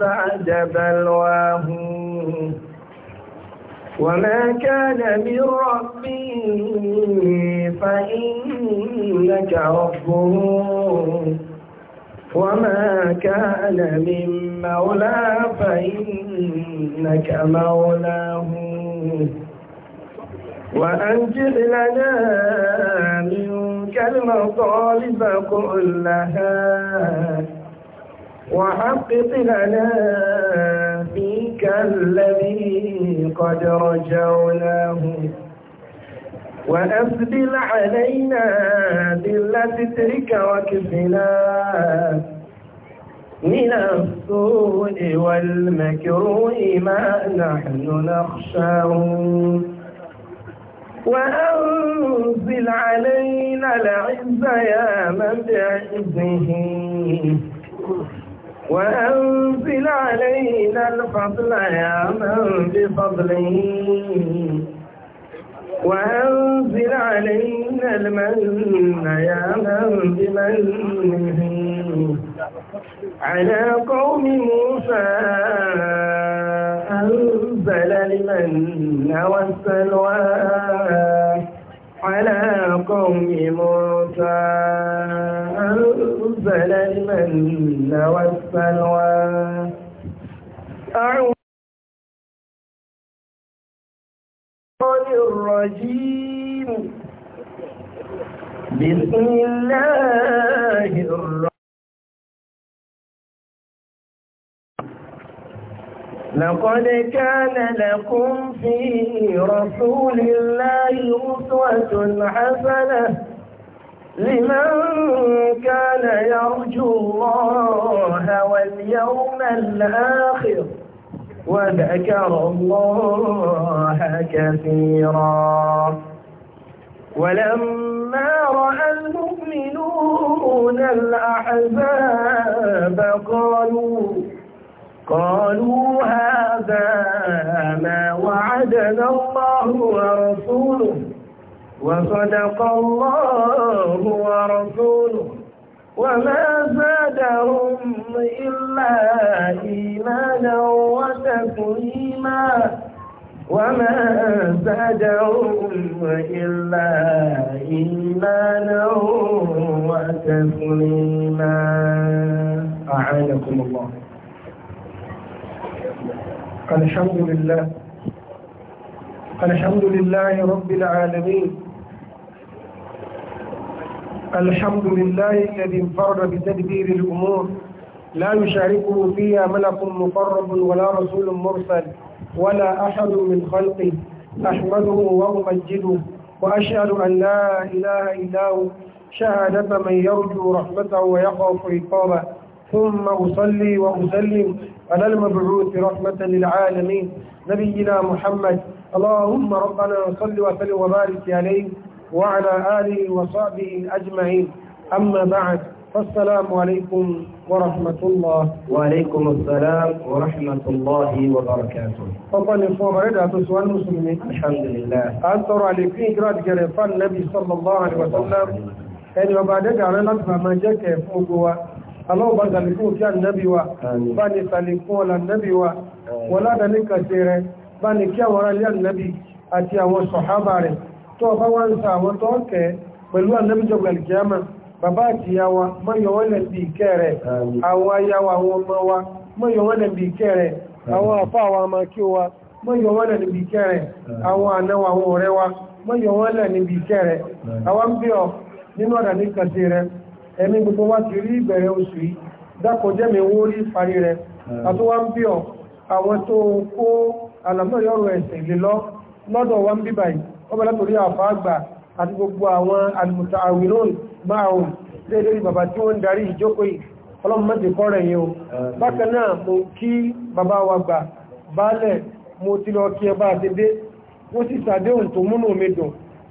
بعد بلواه وما كان من ربي فإنك ربه وما كان من مولى فإنك مولاه وأنجب لنا منك المطالب كلها وحقق لنا فيك الذي قد رجوناه وأفدل علينا ذلة سترك وكفنا من السوء والمكروه ما نحن نخشاه وأنزل علينا العز يا من بعزه وأنزل علينا الفضل يا من بفضله وأنزل علينا المن يا من بمنه على قوم موسى أنزل المن والسلوى على قوم موسى أنزل المن والسلوى أعوذ الرجيم بسم الله الرحمن لقد كان لكم في رسول الله أسوة حسنة لمن كان يرجو الله واليوم الآخر وذكر الله كثيرا ولما رأى المؤمنون الأحزاب قالوا قالوا هذا ما وعدنا الله ورسوله وصدق الله ورسوله وما زادهم إلا إيمانا وتسليما وما زادهم إلا إيمانا وتسليما أعانكم الله الحمد لله الحمد لله رب العالمين الحمد لله الذي انفرد بتدبير الأمور لا يشاركه فيها ملك مقرب ولا رسول مرسل ولا أحد من خلقه أحمده وأمجده وأشهد أن لا إله إلا هو شهادة من يرجو رحمته ويخاف عقابه ثم أصلي وأسلم على المبعوث رحمة للعالمين نبينا محمد اللهم ربنا صل وسلم وبارك عليه وعلى آله وصحبه أجمعين أما بعد فالسلام عليكم ورحمة الله وعليكم السلام ورحمة الله وبركاته فضل فورد أتسوى المسلمين الحمد لله أنتر عليكم إجراء جريفان النبي صلى الله عليه وسلم أن ọba adẹ́gà rẹ̀ láti bàmà jẹ́ kẹ fún ogun wa aláwọ̀bá sàlìkún kí ànábì wa bá ní sàlìkún ọ̀là ànábì wa wọ́n ládàá ní kàṣẹ rẹ̀ tó ọba wá ń sa àwọn tó ọkẹ́ pẹ̀lú ànábìjọba ìjẹ́mà bàbá àti ìyá wa mọ́yọ̀wọ́ lẹ̀ bí ìkẹ́ rẹ̀ àwọn aya wa àwọn ọmọ wa mọ́yọ̀wọ́ lẹ̀ bí ìkẹ́ rẹ̀ àwọn àfá wa ọmọ kí wa mọ́yọ̀wọ́ lẹ̀ níbi ìkẹ́ rẹ̀ àwọn àna wa àwọn ọ̀rẹ́ wa mọ́yọ̀wọ́ lẹ̀ níbi ìkẹ́ rẹ̀ àwọn bí nínú ọ̀dà ní kàtí rẹ̀ ẹ̀mí gbogbo wa ti rí ìbẹ̀rẹ̀ oṣù yìí dákọ̀ jẹ́mi wó rí parí rẹ̀ àtúwá ń bí àwọn tó kó àlàmọ́ ìyọrù ẹ̀sìn lè lọ lọ́dọ̀ wa ń wọ́n bẹ̀rẹ̀ torí àfá àgbà àti gbogbo àwọn àlùmùtà àwìrún máa hùn lé lórí bàbá tí wọ́n ń darí ìjókòó yìí ọlọ́run mẹ́tẹ̀ kọ́ rẹ̀ yìí o bákan náà mo kí bàbá wa gbà baálẹ̀ mo ti lọ kí ẹ bá ti dé wọ́n sì sàdéhùn tó múnú mi dùn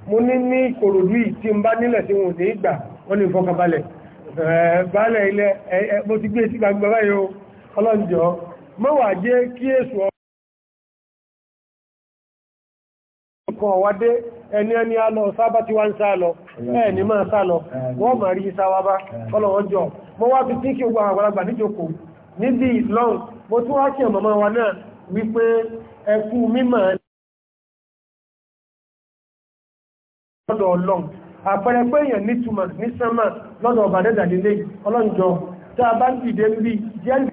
mo ní ní ìkòròdú yìí tí ń bá nílẹ̀ tí wọ́n ní ìgbà wọ́n ní ìfọkànbalẹ̀ baálẹ̀ ilẹ̀ mo ti gbé e o ọlọ́njọ́ mọ́wàá jẹ́ kí èsù nǹkan de, eni ẹni a lọ sábà tí wá ń sá lọ sá lọ wọ́n ma rí sáwábá ọlọ́wọ́njọ́ mo wá fi tíkì ogun àgbàlagbà níjòkó níbi lọ́n mo ọmọ wa naa, wípé ẹkú mímọ̀ lọ́dọ̀ ọlọ́n àpẹẹrẹ pé èèyàn nítumọ̀ ní sánmà lọ́dọ̀ ọ̀bàdẹ́dà lélẹ́yìn ọlọ́njọ́ tá a bá ń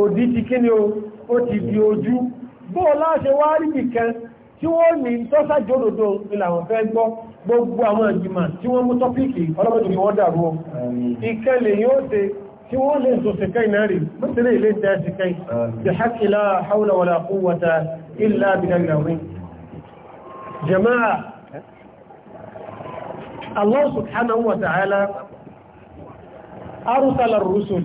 òdí ti kí ni o ó ti di ojú bó láṣẹ wá rí nìkan tí wọ́n ní tọ́sàjòdòdó ìlàwọ̀n fẹ́ gbọ́ gbogbo àwọn ìgbìmọ̀ tí wọ́n mú tọ́píìkì ọlọ́mọdé ni wọ́n dàrú ọ ìkẹlẹ̀ yóò ṣe tí wọ́n lè tó ṣe kẹ́ ìnáàrí mọ́sílẹ̀ ilé tẹ́ ṣe kẹ́ bí hakila haula wala quwwata illa billahi jama'a Allah subhanahu wa ta'ala arsala ar-rusul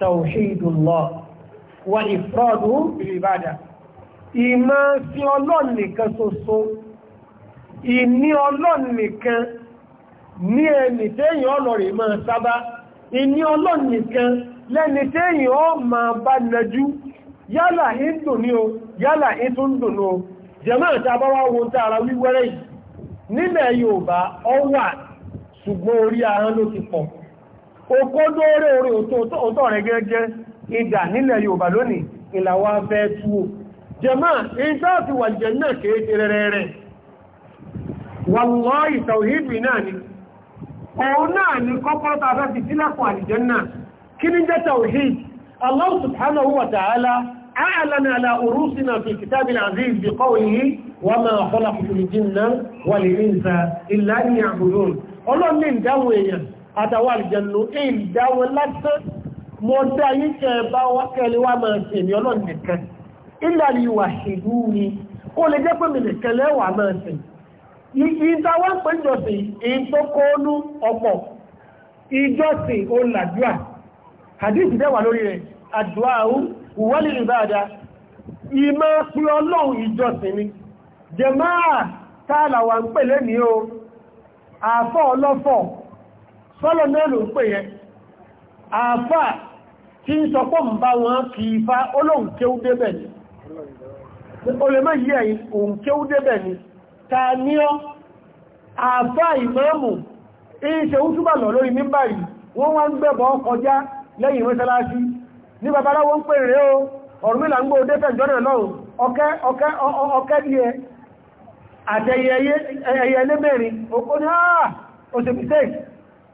توحيد الله وإفراده بالعبادة ìmọ̀ sí ọlọ́run nìkan ṣoṣo ìní ọlọ́run nìkan ní ẹni tẹ́yìn ọlọ́rẹ̀ máa sábá ìní ọlọ́run nìkan lẹ́ni tẹ́yìn ọ máa bá nájú yálà ìdùn ni o yálà ìtúndùn ní o jẹ́mọ́ ìtàbáwá wo tààrà wiwere yìí nílẹ̀ Yorùbá ọ wà ṣùgbọ́n orí ahọ́n òkódó rẹ̀ orí òtọ́ rẹ̀ gẹ́gẹ́ ìdà nílẹ̀ Yorùbá lónìí ìlàwà fẹ́ túwò jẹmọ́ ìtàfi wà jẹ náà kéèké rẹ̀ rẹ̀ wallahi tawhidi náà ni òun náà ni kọ́kọ́ tàbí ti sílẹ̀kùn àlìjẹ́nà kí ní jẹ́ tawhid Allah أعلن على أروسنا في كتاب العزيز بقوله وما خلقت الجن والإنس إلا ليعبدون ọlọ́run ní ìdáwọn àtàwọn àlìjẹ̀nù èyí dáwọn látọ́ mọ́ dá yìí kẹ bá wákẹ́lẹ̀ wá máa tèmi ọlọ́run nìkan ìlàrí ìwà ṣèlú ni ó lè jẹ́ pé mi nìkan lẹ́wà máa tè ìdáwọn pẹ́jọsìn ìtọ́kọ́ọ́lú ọ̀pọ̀ ìjọsìn ó làdúà hadith dẹ́wà ni jẹmáà tààlà wà ń pèlé ní o àfọ́ ọlọ́fọ́ sọ́lọ̀ náà ló ń pè yẹn àfà tí ń sọ pọ́m bá wọn kì í fa olóhùn kéú débẹ̀ ni o lè mọ́ yí ẹ̀yìn òhùn kéú débẹ̀ ni ta ní ọ́ àfà ìmọ́mù ìṣe útúbà lọ lórí mímbà yìí wọ́n wá ń gbẹ́bọ̀ kọjá lẹ́yìn mọ́sálásí ní babaláwo ń pè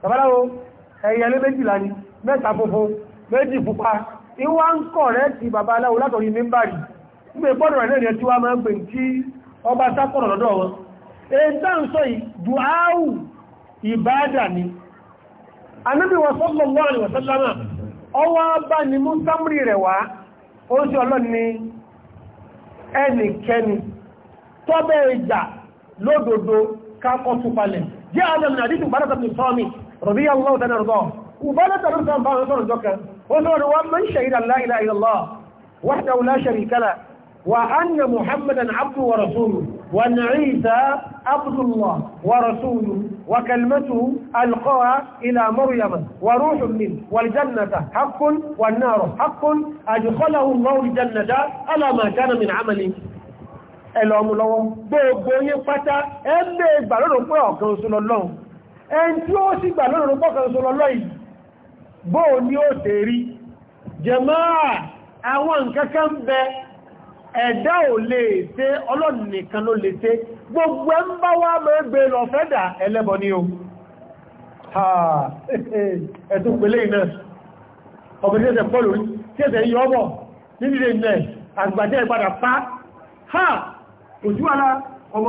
tàbáláwo ẹ̀yẹlé méjìlá ni mẹ́ta funfun méjì pupa ìwá ń kọ̀ rẹ̀ ti bàbá aláwo látọ̀rí mímbàrí nígbè gbọ́dọ̀ rẹ̀ lẹ́rẹ̀ tí wá máa ń pè tí ọba sákọ̀rọ̀ lọ́dọ̀ wọn èdè ń sọ ìdùáwù ìbáadà ni anábì wa sallallahu alaihi wa sallama ọwọ́ bá ni mú sámrì rẹ̀ wá ó sì ọlọ́ni ẹnikẹ́ni tọ́bẹ̀ ìjà lódodo kákọ́ túpalẹ̀ jẹ́ àdàmì àdíjù bára رضي الله تعالى رضاه وبلا ترضى بعض رضك ونور من شهد لا إله إلا الله وحده لا شريك له وأن محمدا عبده ورسوله وأن عيسى عبد الله ورسوله وكلمته ألقاها إلى مريم وروح منه والجنة حق والنار حق أدخله الله الجنة على ما كان من عمله ẹlọ́mùlọ́wọ́ gbogbo yí pátá ẹgbẹ́ ìgbàlódò pé ọ̀kan oṣù lọ́lọ́run ẹn tí ó sì gbà lọ́nà rúpọ̀ kan sọ lọ́lọ́ yìí bó ní ó tẹ̀ rí jẹmáà àwọn nǹkankan bẹ ẹ̀dá ò lè gbogbo ẹ ń bá wá lọ fẹ́dà ẹlẹ́bọ ni o ha òjú ara ọmọ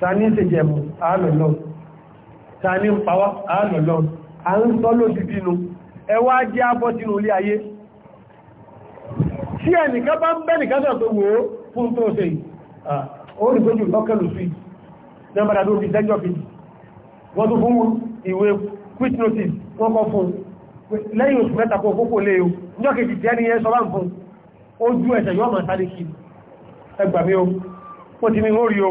ta ní ìsẹ̀jẹ̀mù àálọ̀lọ́ ta ní ń pàwá àálọ̀lọ́ a ń sọ lóti bínú ẹwà jẹ́ abọ́ sínú ilé ayé tí ẹnìkan bá ń bẹ́ nìkan sọ pé wòó fún tó ṣe orígbójú lọ́kẹ̀lù sí nẹ́bàdà tó fi sẹ́jọ́ fi wọ́n tó fún ìwé quick notice wọ́n kọ́ fún lẹ́yìn oṣù mẹ́ta o níjọ́ kejì tí ẹni yẹn sọ bá o wọ́n ti o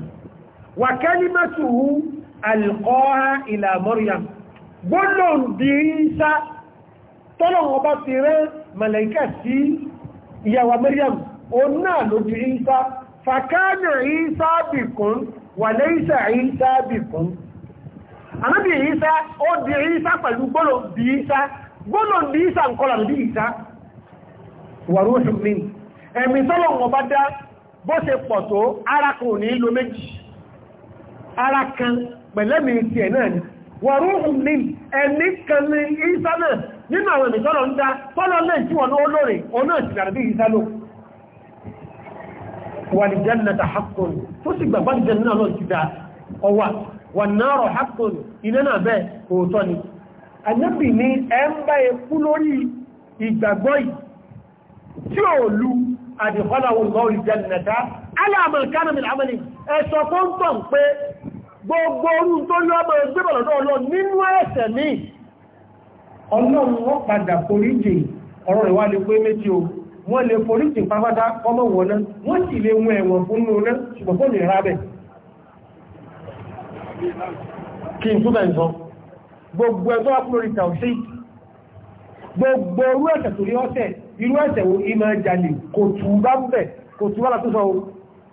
wà kalimatuhu alqaha ila Maryam gbọ́nà bí Ìsá tọ́lọ̀wọ́ bá ti rẹ́ màláíkà sí ìyàwó Maryam o náà ló bí Ìsá fàkánà Ìsá bikum wà laysa Ìsá bikum ànábì Ìsá ó di Ìsá pẹ̀lú bá dá bó ṣe pọ̀ tó arákùnrin ló méjì ara kan pẹ̀lẹ́mì ti ẹ̀ náà ni wọ̀rúhùn ní ẹni kan ní ìsá náà nínú àwọn ìmìtọ́lọ̀ ń dá tọ́lọ lè tí wọ́n olóòrè ọ̀nà ìsìnkàrí bí ìsá ló wà ní jẹ́nàtà hakùn tó sì gbàgbà ní jẹ́nà lọ ti dá ọwà wà aláàmọ̀kánàmì àmàlì ẹ̀sọ̀ tó ń tọ̀ pé gbogbo orú tó ní ọmọ ẹgbẹ́bọ̀ lọ́dọ̀ ọlọ́ nínú ẹ̀ṣẹ̀ ní ọlọ́run wọ́n padà foríjì ọ̀rọ̀ rẹ̀ wá lè pé méjì o wọ́n lè foríjì pápátá ọmọ wọn náà wọ́n sì lè wọn ẹ̀wọ̀n fún nínú náà ṣùgbọ́n fún ìrà bẹ̀ kí n túbẹ̀ nǹkan gbogbo ẹ̀tọ́ wá lórí tàùsí gbogbo orú ẹ̀ṣẹ̀ torí ọ̀ṣẹ̀ irú ẹ̀ṣẹ̀ wo ìmọ̀ jalè kò kò tù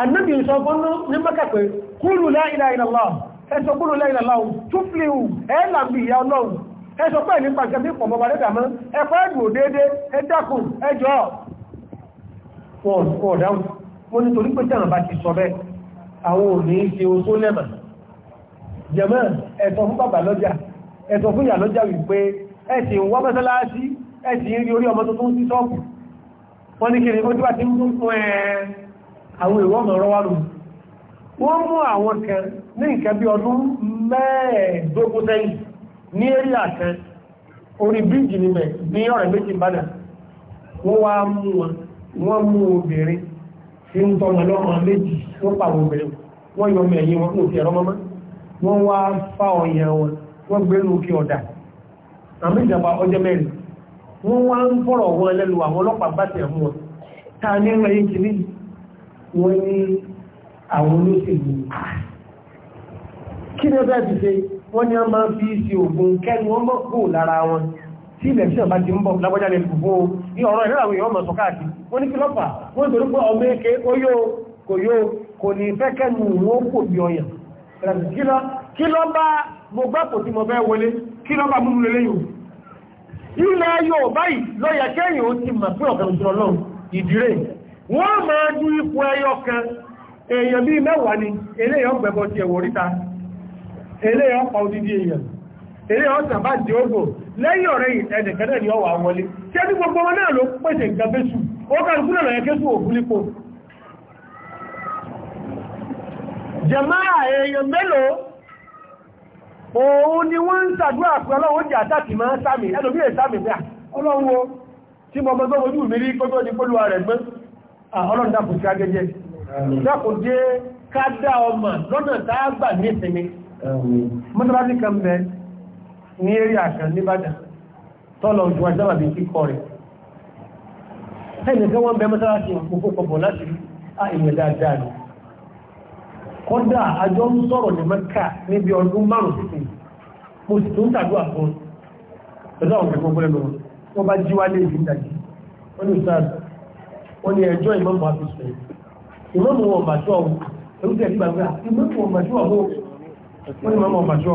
annabi sọ fọ́nà ní mẹ́kàpẹ̀ kúrù láìlà ìlàlá ẹsọ kúrò lẹ́yìn aláwọ̀ tó fi hù ẹ́là bí ìyá ọlọ́run ẹsọ pẹ́ nípa ìjẹmí pọ̀ bọ̀bà lẹ́dà mọ́ ẹ̀kọ́ ẹ̀dùn òdéédé ẹ̀dàkùn ẹjọ́ ọ̀dáhùn wọ́n ni torí pé tẹ́wọ̀n bá ti sọ bẹ́ àwọn òní ṣe oṣó lẹ́mà jẹ̀mọ́ ẹ̀sọ fún bàbá lọ́jà ẹ̀sọ fún ìyá lọ́jà wípé ẹ ti ń wá mọ́sálásí ẹ ti ń rí orí ọmọ tuntun sí ṣọ́ọ̀bù wọ́n ní kí ni ó ti wá ti ń fún ẹ̀ àwọn ìwọ̀n ọ̀nà ọ̀rọ̀ wà lóhun wọ́n mú àwọn kan ní nǹkan bí ọdún mẹ́ẹ̀ẹ́dógún sẹ́yìn ní èrí àkan orí bíríjì ní mẹ́ ní ọ̀rẹ́ méjì wọ́n wá mú wọn mú obìnrin tí ń lọ́mọ méjì wọ́n obìnrin wọ́n yọ kò mọ́mọ́ wọ́n ní àwọn olóṣèlú kí ló bẹ́ẹ̀ ti ṣe wọ́n ní a máa fi ṣe ògùn kẹ́nu wọ́n mọ́ kó lára wọn tí ilẹ̀ ṣíọ̀ bá ti ń bọ̀ lágbájá lè fòfó ní ọ̀rọ̀ ìrẹ́lẹ̀ àwọn èèyàn mọ̀ sọ káàkiri wọ́n ní kí lọ́pà wọ́n ń torí pé ọmọ èké ó yóò kò yóò kò ní fẹ́ kẹ́nu wọn kò bí ọyàn kí lọ bá mo gbá kò tí mo bẹ́ wọlé kí lọ bá múlù lélẹ́yìn ilẹ̀ yóò báyìí lọ́yà kẹ́yìn ó ti mà pé ọ̀kẹ́ wọ́n máa jú ipò ẹyọ kan èèyàn bí mẹ́wàá ni eléyàn gbẹ̀bọ̀ ti ẹ̀wọ̀ ríta eléyàn pa odidi èèyàn eléyàn sàbá di ogbò lẹ́yìn ọ̀rẹ́ ẹ̀dẹ̀kẹ́dẹ̀ ni ọwà wọlé tí gbogbo wọn náà ló pèsè nǹkan ó Ah, ọlọ́run dákò sí agẹ́jẹ́ dákò dé kádá ọmọ lọ́nà tààgbà ní ìsinmi mọ́tàbátí kan bẹ ní eré àkàn níbàdàn tọ́lọ ojú ajábà bí kíkọ rẹ̀ ẹnìkan wọ́n bẹ mọ́tàbátí òkú pọ̀pọ̀ láti ìwẹ̀ dáadáa ni kọ́dà àjọ ń sọ̀rọ̀ ní mẹ́kà níbi ọdún márùn-ún sí mo sì tún tàdúrà fún ọjọ́ àwọn ìgbẹ̀gbọ́gbọ́lẹ́nu wọn bá jíwálé ìdíjàjì wọ́n ní ìsáàdù wọ́n ní ẹjọ́ ìmọ̀mù àfisùn ìmọ̀mù wọn màjọ́ ọ̀hún ẹ̀rú tẹ̀ nígbà pé ah, ìmọ̀mù wọn màjọ́ ọ̀hún wọ́n ní ìmọ̀mù màjọ́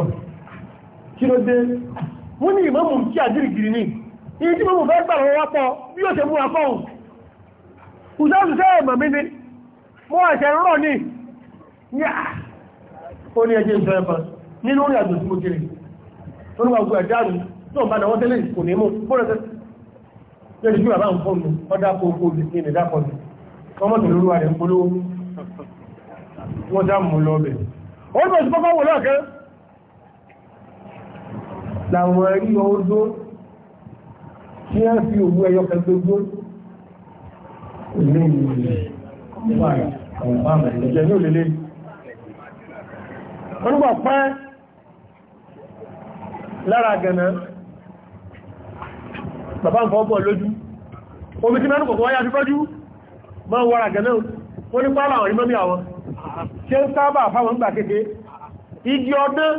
kí ló dé wọ́n ní ìmọ̀mù kí àdírìgìrì ní iye tí mọ̀mù fẹ́ gbà lọ́wọ́ wápọ̀ bí ó ṣe múra fọ́hùn kùsáàsù sẹ́ ẹ̀mọ̀ mi ni mo ẹ̀ṣẹ̀ ń rọ̀ ní ah. ó ní ẹjẹ́ ìṣọ́ ẹ̀fà nínú orí àjò tí mo kiri tó ní wà gbogbo ẹ̀dá àrùn náà bá náà wọ́n tẹ́lẹ̀ kò ní mú bó rẹ̀ lórí bí bàbá ń fún mi ọdá kó kó lè ṣe ìdákọ̀ mi ọmọ tó lórí rẹ̀ ń polówó wọ́n dá mú lọ bẹ̀. ó bẹ̀ sí kọ́kọ́ wò lọ́kẹ́ làwọn ẹ̀rí ọdó tí a fi òwú ẹyọ kẹgbẹ́ gbó lára gẹ̀nà bàbá ń fọ́pọ̀ lójú omi tí mẹ́rin kọ̀kọ́ wáyá sí fọ́jú ma ń wọ́ra gẹ̀lẹ́ wọ́n ní pàálà àwọn ìmọ́mí àwọn ṣe ń sábà fáwọn gbà kéde igi ọdún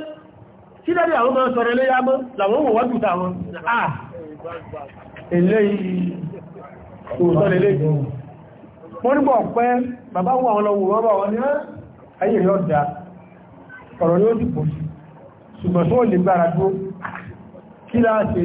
tí lẹ́dẹ̀ àwọn máa sọ̀rọ̀ ilé yá mọ́ làwọn wò wọ́n tùta wọn ṣùgbọ́n tó lè gbára tó kí láàá ṣe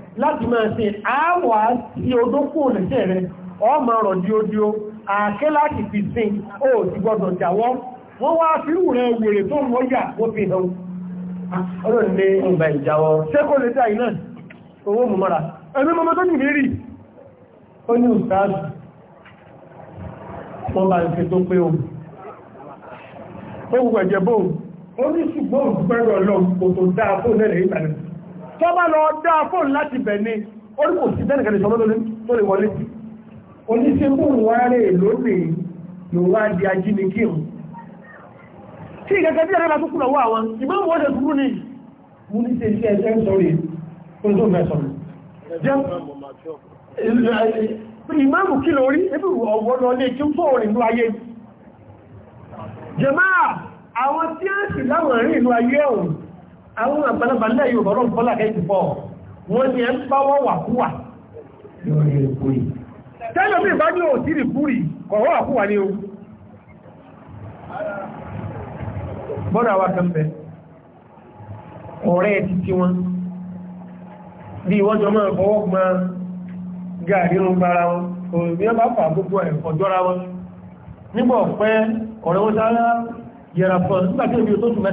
láti máa ṣe àwọ̀ àti odókù lẹ́sẹ̀ rẹ̀ ọmọ ọ̀rọ̀ díodíó àké láti fi sin ó ti gbọ́dọ̀ jàwọ́ wọ́n wá fírù rẹ̀ wèrè tó mọ́ yà ó fi hàn ọlọ́rin ní ọgbà ìjàwọ́ ṣé kò lè dá iná owó mú mọ́ra ẹni mọ́mọ́ tó nìrí rí ó ní ìsáàdù wọ́n bá ń fi tó pé ohun ó gbẹ̀jẹ̀ bóhùn ó ní ṣùgbọ́n òkú pẹ́rọ ọlọ́run kò tó dáa fóònẹ́rẹ̀ ìtàlẹ̀ tó bá lọ dá fóòn láti bẹ̀ ni ó ní kò sí bẹ́ẹ̀nìkan ìṣọ́ lọ́dọ́ tó lè wọlé sí oníṣẹ́kù wárẹ̀ lónìí ló wá di ajínigbé hàn tí ìgẹ́gẹ́ bí ẹ̀rẹ́lá tó kúrò wá wọn ìmọ̀mù wọ́n lè kúrú ní mú ní ṣe iṣẹ́ ẹ̀ṣẹ́ ń sọ̀rọ̀ èyí tó mẹ́sàn-án ìmáàmù kí lórí ẹbí ọ̀wọ́ lọ lé kí ń fọ́ òrìn ìlú ayé jẹmáà àwọn tí a ń sì láwọn ìrìn ìlú ayé ọ̀hún àwọn àgbàlagbà ńlẹ̀ yóò bọ́rọ̀ bọ́lá kẹ́yìn bọ́ wọ́n ni ẹ ń bá wọ́n wà kúwà tẹ́lẹ̀ bí bá ní òtí rí kúrì kọ̀wọ́ wà kúwà ní o bọ́dà wa kan bẹ ọ̀rẹ́ ti tí wọn bí wọ́n jọ máa fọwọ́ gbọ́n gàrí ń gbára wọn òmìnira bá fà gbogbo ọ̀jọ́ra wọn nígbà ọ̀pẹ́ ọ̀rẹ́ wọn sára yẹra fún nígbàtí òbí tó tún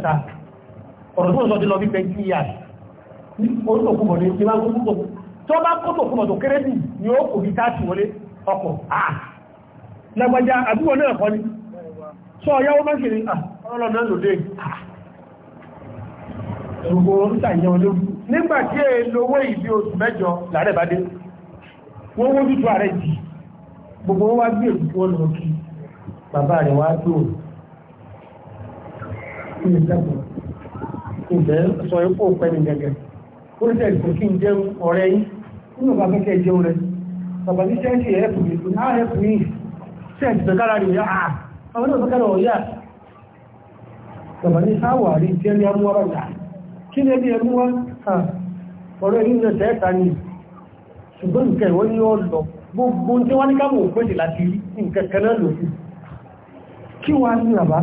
ọ̀rọ̀ tó ń sọ ti lọ bí bẹ́ẹ̀ kí yà orúkọ̀kúbọ̀ ní ìwá gbogbo tó bá kótòkúbọ̀ tó kéré bì ni ó kò bí táàtì wọlé ọkọ̀ àà lágbàjá àdúgbò náà kọ́ ni sọ ọ̀yáwó má kiri ọlọ́nà lòdè ẹ̀rùgbò oríta ìyẹn olóògùn nígbà tí è lówó ìbí oṣù mẹ́jọ làárẹ̀ bá dé wọ́n wó tútù ààrẹ jì gbogbo wá gbé èkó wọn lọ kí bàbá rẹ̀ wá gbé òun ìbẹ́ sọ ipò pẹ́ni gẹ̀gẹ̀ ó rí tẹ̀lé kò kí n jẹun ọ̀rẹ́ yín nínú bá fẹ́ kẹ́ jẹun rẹ̀ bàbá ní sẹ́ẹ̀sì ẹ̀ẹ́pù mi kò náà ẹ̀ẹ́pù mi sẹ́ẹ̀sì fẹ́ kára rẹ̀ yá ah, àwọn náà fẹ́ kára ọ̀yá bàbá ní sáwà rí jẹ́ ní amúwárọ̀ yá kí ni ẹbí ẹmú wá ọ̀rẹ́ yín lọ sẹ́ẹ̀ta ni ṣùgbọ́n nǹkan ìwọ́n ní ọ̀lọ́ gbogbo tí wọ́n ní káàmù òpèsè láti rí nǹkan lòfin kí wọ́n á ní bàbá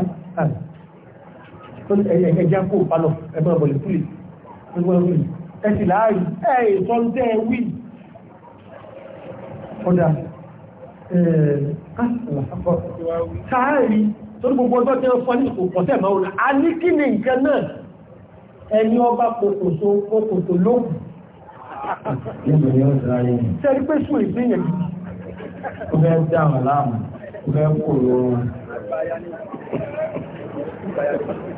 ẹja kó palọ̀ ẹgbẹ́ ọ̀bọ̀lẹ̀ fúlẹ̀ ẹgbẹ́ wí ẹsì láàrí ẹ̀ sọ ń tẹ́ wí ọ̀dà sáàrí tó ní gbogbo ọjọ́ tẹ́ ọ fọ́nì kò pọ̀ tẹ́ máa a ní kí ni nǹkan náà ẹni ọba kòkòtò kòkòtò lóhùn sẹ́rí pé sùn ìpínyẹ̀ kò fẹ́ dáhùn láàmù kò fẹ́ kò lóorun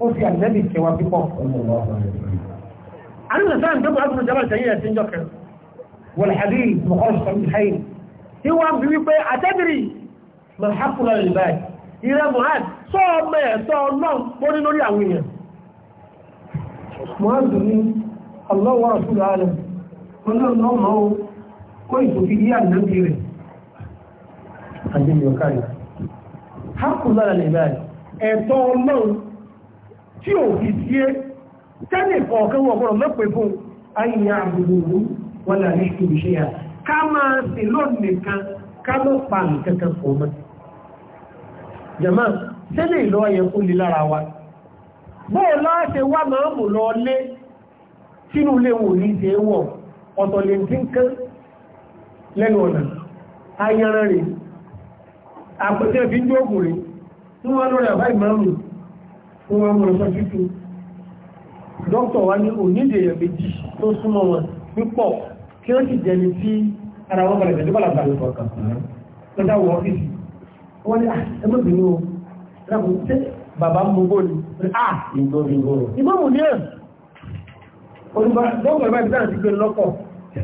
ó fi àjẹ́bì kẹwà pípọ̀. Àrínà sáà ń tó bọ̀rọ̀ fún jẹ́bàtà yíyà tí ń jọkẹ̀. Wọ̀n àbí mọ̀kọ́sọ̀ ìhàyìn. Tí wọ́n bí wípé àtẹ́bìrì mọ̀ hapùlọ ìbáyìí. Ìrẹ́ Mohamed sọ ọmọ ẹ̀ sọ ọlọ́run ó ní lórí àwọn èèyàn. Mohamed ní Ẹ̀tọ́ ọlọ́run tí ò fi sí é tẹ́lẹ̀ kọ̀ọ̀kan wọn ọ̀gbọ́n lọ́pẹ́ fún ayé àbúrò wọn ní ṣe yà ká máa sì lónìí ká ló pa nǹkan kan pọ̀ jama tẹ́lẹ̀ ìlọ yẹ lè lára wa bóò láti wá máa mú lọ lé sínú wò ní ṣe ọ̀tọ̀ lè ti kán lẹ́nu kó wọ́n mọ̀ ọ̀sán títù dókítà wa ní onídè èèyàn méjì tó súnmọ́ wọn púpọ̀ kí ó sì jẹni tí ara wọn balẹ̀ tẹ̀lé balẹ̀ balẹ̀ kọ̀ọ̀kan lọ́dà wọ ọ́fíìsì wọ́n ní ah, ẹ mọ̀ bínú o lábò tẹ́ bàbá mú bóni à ah, ìgbò ìgbò ìmọ̀mù ní ẹ̀ olùbá dókítà bá ìbílẹ̀ àti gbé lọ́kọ̀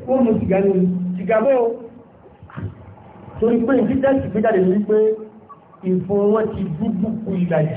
wọ́n mú sìgá ní sìgá bó torí pé ìdíjẹ́ ìgbéjáde ní wípé ìfún wọn ti dúdú ìlàjì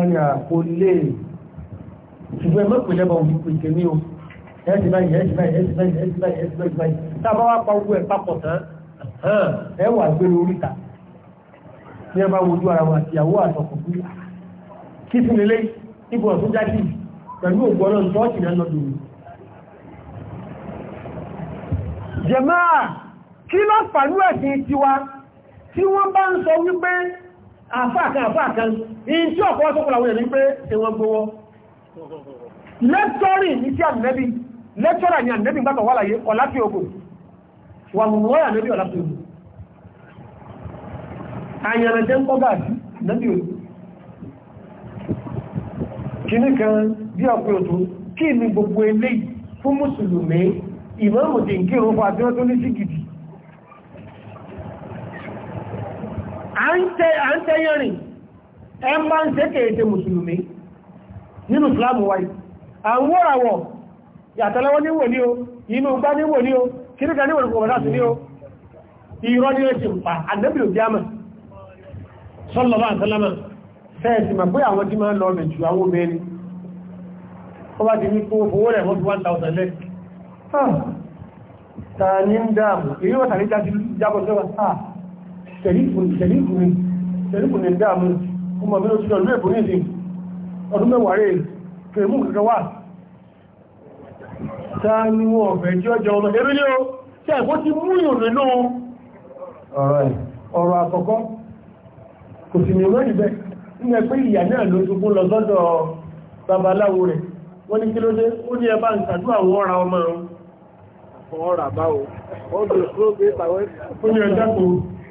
kọ́nà kò lè ṣùgbọ́n mọ́pẹ̀ lẹ́bọ̀ òkè ní o ẹ̀ẹ́sì báyìí ẹ̀ẹ́sì báyìí ẹ̀ẹ́sì báyìí ẹ̀ẹ́sì báyìí ẹ̀ẹ́sì báyìí tábà wá pa owó ẹ̀ papọ̀ tán ẹ̀ wà gbé oríta ní ẹ bá wojú ara wọn àti ìyàwó àtọkọ̀ fún yà kí sí nílé ibò ọ̀tún jáde pẹ̀lú ògbọ́n náà tọ́ọ̀tì náà lọ́dún mi. jẹ̀máà kí lọ́pàá ní ẹ̀sìn tiwa tí wọ́n bá àfáàkan àfáàkan in tí ọ̀pọ̀ tó kọ́lá wọ́n ní pé ẹwọ́n gbówọ́ lẹ́tọ́rì ní tí ànẹ́bí lẹ́tọ́rà ní ànẹ́bí gbátọ̀ wà láyé ọ̀láfí ogun wà mọ̀wọ́ ànẹ́bí ọ̀láfí ogun àyànàjẹ́ ń kọ́gbà sí ànẹ́bí ogun kìíní kan bí ọ̀pẹ́ òtò kí ni gbogbo eléyìí fún mùsùlùmí ìmọ̀mùdì ń kírun à ń tẹ́yẹ̀ rìn ẹ máa ń ṣe kèèdè mùsùlùmí nínú islamu wáyé à ń wọ́ràwọ̀ yàtọ̀lọ́wọ́ níwò ní o inú gbá níwò ní o kíríkà níwò ní kòmọ̀dá sí ní o ìrọ́ ní ẹ̀ṣì pa àdẹ́bìlò jámà sọ́lọ́bà àtàlámà fẹ́ẹ̀sì mà pé àwọn tí 1000 lẹ́ ah! ta ní ń dáàmù èyí wọ́n tàbí jábọ̀ sọ́wọ́ ah! tẹ̀lífù ní dáàmú ọmọ mi ló ti lọ́lú èbò ní ìsìn ọdún mẹ́wàá rẹ̀ kèémù kankan wà táà ní wọ́n ọ̀fẹ́ tí ọjọ́ ọmọ ẹbí ní o tí ẹ̀kọ́ ti mú ìrìn nínú ọ̀rọ̀ àkọ́kọ́ kò sì ní rẹ́ ìbẹ́ ní ẹgbẹ́ ìyà náà ló ti kún lọ sọ́dọ̀ babaláwo rẹ̀ wọ́n ní kí ló dé ó ní ẹbá ìsàdú àwọn ọ̀rà ọmọ ọ̀rà báwo ó lè kúrò pé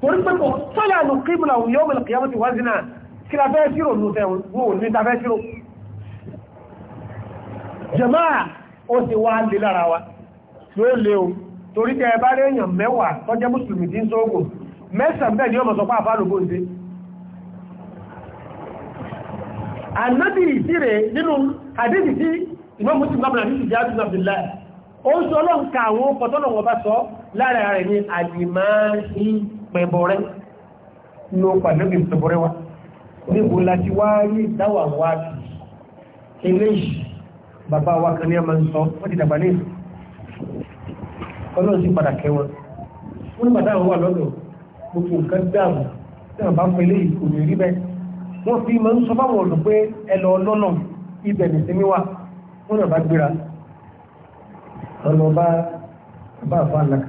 torí pé kò sọ́lá nù kíbùlà òyìn ọmọ ìkìyàmọ́ ti wá sínà kí la fẹ́ sírò nù tẹ́ wọ́n ní ta fẹ́ sírò jẹmáà ó ti wá lè lára wa yóò lè o torí tẹ́ bá rí èèyàn mẹ́wàá tó jẹ́ mùsùlùmí tí ń sóògùn mẹ́sàn bẹ́ẹ̀ ni ọmọ sọ ọlọ́nkà àwọn ọkọ̀ tọ́lọ̀ bá sọ lára rẹ̀ ní àlìmáà pẹ̀bọ̀rẹ́ ló pàdébì pẹ̀bọ̀rẹ́ wa níbo láti wá rí ìdáwà wá kì ilé ìṣì bàbá wa kan ní ọmọ ń sọ wọ́n ti dàgbà ní ìlú ọlọ́run sí padà kẹwọn wọ́n ní bàdá àwọn wà lọ́dọ̀ gbogbo nǹkan dáàmù tí wọ́n bá ń pẹ̀lẹ́ ìkò lè rí bẹ́ẹ̀ wọ́n fi máa ń sọ fáwọn ọ̀dọ́ pé ẹ lọ lọ́nà ibẹ̀ nìsinmi wà wọ́n náà bá gbéra ọlọ́ba bá àfa àlàkà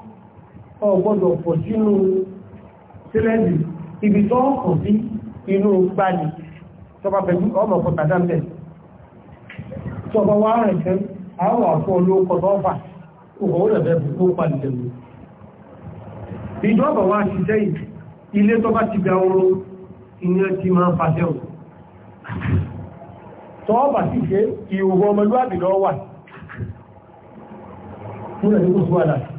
ọgbọ́dọ̀ pọ̀ sínú sílẹ̀lì ibi tó ọkọ̀ sí inú gbáni tọba pẹ̀lú ọmọ ọ̀pọ̀ta dáńtẹ̀ tọba wá rẹ̀ tẹ́ àwọn àfọ́ olóòkọ̀ tọ́fà ìjọba wá ṣiṣẹ́ ilé tọba ti gba oorun ìyẹn ti máa fàṣẹ́ ò tọ́ọ̀bà sí ṣe ìhòògbọ́ ọmọlúwàbì lọ́wà múlẹ̀ ní kò sí wà láti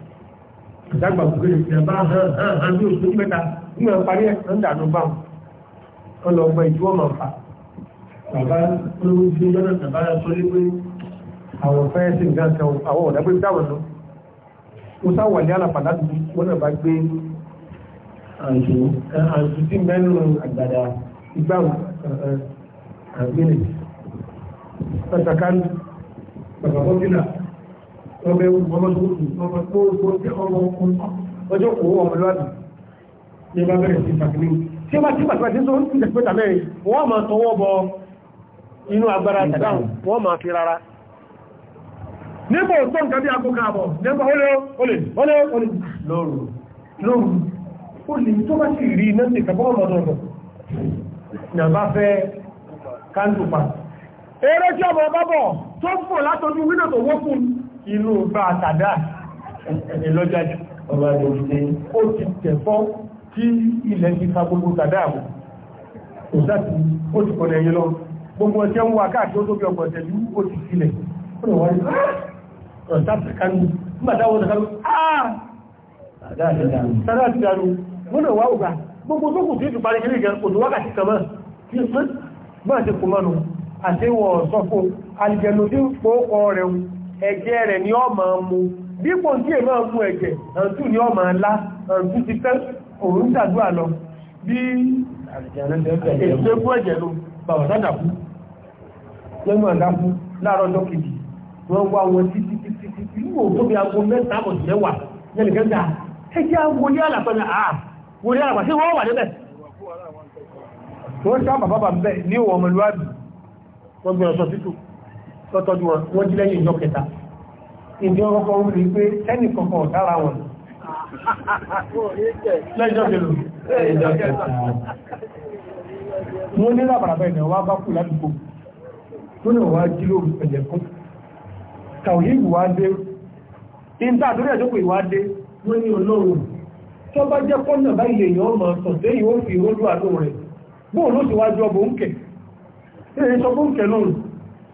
ìdágbà gbogbo ìjọba hàn hàn hàn bí oṣù mẹ́ta nígbà parí ẹ̀sán dànù bá wọn lọ gbọ́ ìjọ́ ọmọ fà bàbá olówó tí ó lọ́nà bàbá sọ lé pé àwọn fẹ́ sí nǹkan kan àwọn ọ̀dà pé dáwọn lọ ó sáwà ní àlàpàdà wọn náà bá ọmọ ewu ọmọdúnkù ọmọ tó gbọ́gbẹ́ ọmọ ọkùnrin ọjọ́ kò ọmọ lọ́dún ní bá bẹ̀rẹ̀ sí ìtàkìlẹ̀ tí ó bá tí pàtàkì tó ń tẹ̀ pẹ́ta mẹ́rin wọ́n máa tọwọ́ bọ inú agbára tàdáhùn wọ́n máa fi rárá nígbà òtọ́ nǹkan bí agbó káàbọ̀ nígbà ó lé ó lè ó lé ó lè lóòrù lóòrù ó lè tó bá sì rí iná nìkan bọ́ ọmọdún ọ̀dọ̀ nàbá fẹ́ káńtùpà eré tí ọmọ bá bọ̀ tó fún inú bá àtàdá ẹ̀lọ́jájú ọba ìròyìn ó ti tẹ̀fọ́ tí ilẹ̀ ti fa gbogbo tàdá àmù kò sáti ó ti kọ̀nà ẹ̀yìn lọ gbogbo ọjọ́ ń wà káàkiri ó tó bí ọgbọ̀n tẹ̀lú ó ti sílẹ̀ ó lọ wáyé ah! ah! gbogbo tó kù sí ìtùparí kiri ìgẹ̀ òdó wákàtí kan mọ́ kí ó pẹ́ bá ti kù mọ́nu àti wọ̀ sọ́fún alìjẹ̀lódí pòókọ rẹ̀ ẹ̀jẹ̀ rẹ̀ ni ó máa mu dípò tí è máa mú ẹ̀jẹ̀ ẹ̀ntú ni ó máa lá ẹ̀ntú ti tẹ́ òun ṣàdúrà lọ bí èsèkú ẹ̀jẹ̀ ló bàbá sádà kú lẹ́nu àdá kú láàárọ̀ ọjọ́ kejì wọ́n wá wọn títí títí títí wò tó bí aago mẹ́ta àbọ̀ sí mẹ́wàá yẹnìkan gbà ẹjẹ́ wòlé àlàpẹ́ ni àà wòlé àlàpẹ́ sí wọ́n wà níbẹ̀ wọ́n sá bàbá bàbá ní ìwọ̀n ọmọlúwàbí wọ́n gbẹ̀rọ̀ sọ títù lọ́tọ́jú wọn wọ́n jí lẹ́yìn ìjọ kẹta ìjọ ọkọ̀ ń rí pé ẹnì kọ̀kọ̀ dára wọn lẹ́jọ́ kẹlò mo ní lábàràbà ìdẹ̀ wá bá kù ládùúgbò tó ní wá jí lóru pẹ̀lẹ̀ fún kàwé ìwà dé ìta àdúrí ẹ̀dọ́kọ̀ ìwà dé wọ́n ní ọlọ́run tó bá jẹ́ pọ́nà báyìí èèyàn ọmọ sọ̀tẹ́ yìí ó fi ìwọ́lú àlọ́ rẹ̀ bóòlù ó sì wájú ọbọ̀ ń kẹ̀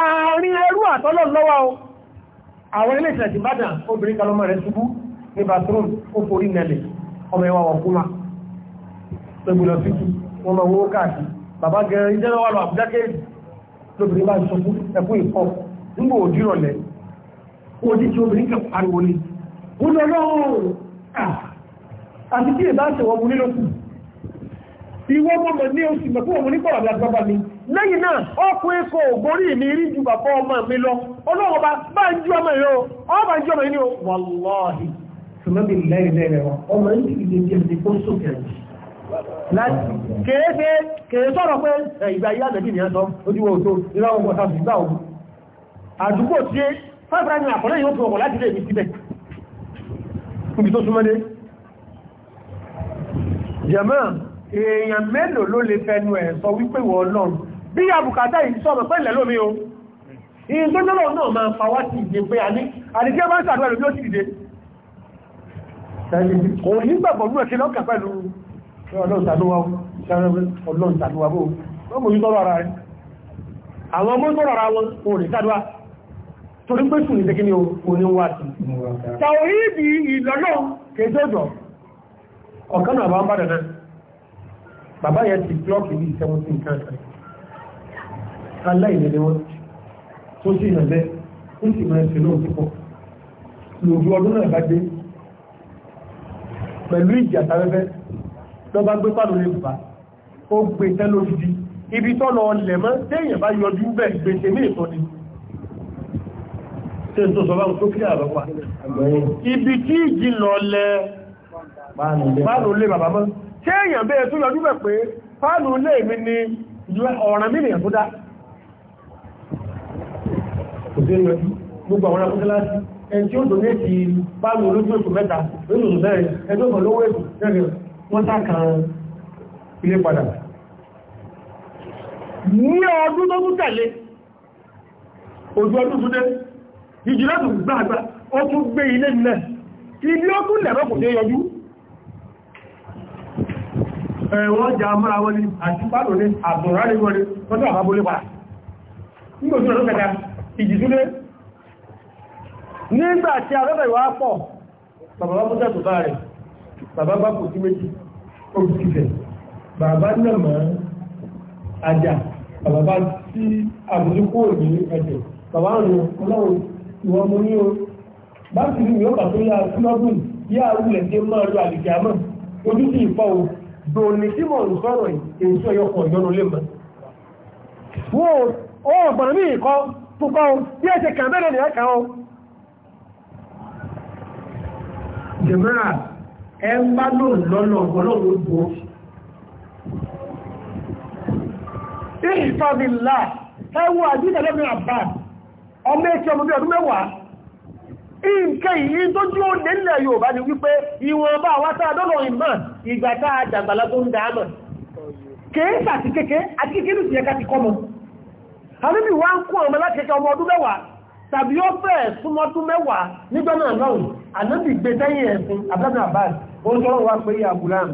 àárín ẹrú àtọ́lọ̀ lọ́wọ́ o àwọn ilé ìṣẹ̀lẹ̀ ti bàdàn obìnrin kalọ́mọ rẹ̀ ṣubú ní bathroom ó forí nẹlẹ̀ ọmọ ẹwà ọkúnmá pẹ̀gbùn lọ fíkú wọn máa wó káàkiri bàbá gẹ̀rẹ́ ìjẹ́rẹ́ wà lọ àbújákẹ́rì lóbìnrin bá ń sọkú ẹkú ìkọ nígbò òdírọ̀lẹ̀ òdí tí obìnrin kẹ pariwo ní wọ́n lọ lọ́wọ́ àti kí ìbá ṣe wọ́n mú nílòkù ìwọ́n mọ̀ ní oṣù mẹ́kú wọn mú ní pọ̀ àbí àgbábá lẹ́yìn náà ọkùn ikọ̀ ògbórí mi rí ju bàbá ọmọ mi lọ ọlọ́wọ́ bá bá ń jú ọmọ ìrọ ọmọ bá ń jú ọmọ ìní o wàláhì ṣùgbọ́n bí lẹ́yìn lẹ́yìn rẹ̀ ọmọ yìí ti di jẹ́ ní kó sókè láti kéèké kéè sọ̀rọ̀ pé tó o àdúgbò tí fáfúrá ni àkọlẹ́ yóò fi ọkọ̀ láti lè mi síbẹ̀ níbi tó súnmọ́dé jẹ̀mọ́ èèyàn mélòó ló lè fẹnu ẹ̀ sọ wípé wọ́n náà bí àbùkátà yìí sọ́bọ̀ pẹ́ ìlẹ̀ lómi o ìyìn tó lọ́lọ́ náà máa fa wá ti ìdè pé a ní àdìkí ọmọ ìsàdúrà lórí ó ti dìde òun ní gbàgbọ́ ní ẹ̀kí lọ́kà pẹ̀lú ọlọ́ọ̀tàdúwà ọ̀kan náà bá ń bá dẹ̀ náà bàbá yẹn ti klọ́ọ̀kì ní 17 kan aláìní ni wọ́n tó sì yàn bẹ́ẹ̀ ó sì máa ṣe lóòótọ́ pọ̀ lòdù ọdún náà bá dé pẹ̀lú ìjà tàbẹ́fẹ́ lọ́ba gbé pàlù lè bà ó gbé tẹ́lò ìdí ibi tọ́ lọ lẹ̀ mọ́ téèyàn bá yọjú bẹ̀ gbèsè ní ìtọ́ ni tí èso sọ́bá tó kí àbọ̀pá ibi tí ìjì lọ lẹ pàlù lè bàbá mọ́ téèyàn bẹ́ẹ̀ tó yọjú bẹ̀ pé pàlù lè mi ni ọ̀ràn mílíọ̀n tó dá òṣèré yanjú gbogbo àwọn akọ́sẹ́láṣí ẹni tí ó dò ní ti pálù olójú oṣù mẹ́ta nínú mẹ́rin ẹjọ́ kan lówó ètò tẹ́rẹ wọ́n sákan ilé padà ní ọdún tó tún tẹ̀lé ojú ọdún tó dé ìjìlọ́tù gbàgbà ó tún gbé ilé nílẹ̀ ilé ó tún lẹ̀rọ kò dé yanjú ẹ̀wọ́n jà mọ́ra wọlé àti pálù ìjìdúlé nígbà tí afẹ́fẹ́ ìwà pọ̀ bàbá bá mújẹ́ tó bá rẹ̀ bàbá bá kò sí méjì olùsìfẹ̀ bàbá náà mọ́ ajá bàbá bá sí àbúrúkú òní ẹ̀jẹ̀ bàbá rẹ̀ ọlọ́run ìwọ mo ní o bá sì rí ìyọ́pà tó yá sílọ́gùn yá àwùlẹ̀ tí máa lọ púpọ̀ o bí ẹ̀ṣẹ̀ kà mẹ́rin ni ẹ̀ka o jẹ̀mẹ́ra ẹ ń bá lò lọ́nà ọ̀pọ̀lọ́wọ́ gbọ́ ìfàmìlá ẹwọ àdídàlẹ́mì àbá ọmọ ẹ̀kẹ́ ọmọ bí ọdún mẹ́wàá ìǹkẹ́ yìí tó jú ó nílẹ̀ ni wípé ìwọ̀n bá wá ìmọ̀ ìgbà ń àti ti kọ́mọ̀ àníbì wá ń kún ọmọ láti ọmọ ọdún mẹ́wàá tàbí ó fẹ́ súnmọ́dún mẹ́wàá nígbà náà lọ́rùn ànábì gbé tẹ́yìn ẹ̀sìn abúlé abbas ó ń tọrọ wá pé ya gulam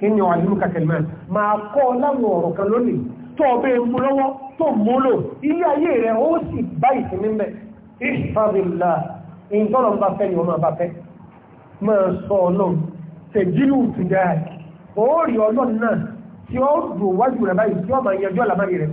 kí ni ọ̀hún àdúgbò kàkẹ́lìmọ́ máa kọ́ láwọn ọ̀rọ̀ kan lónìí tó ọbẹ̀ mú lọ́wọ́ tó múlò ilé ayé rẹ̀ ó sì bá ìsinmi mẹ́ ìfàbílà ìjọ́lọ̀ ń bá fẹ́ ni ọmọ bá fẹ́ máa sọ ọlọ́run tẹ̀jínú tìdáà ó rí ọlọ́run tí ó dùn wájú rẹ̀ báyìí tí ó máa yẹjọ́ làmárí rẹ̀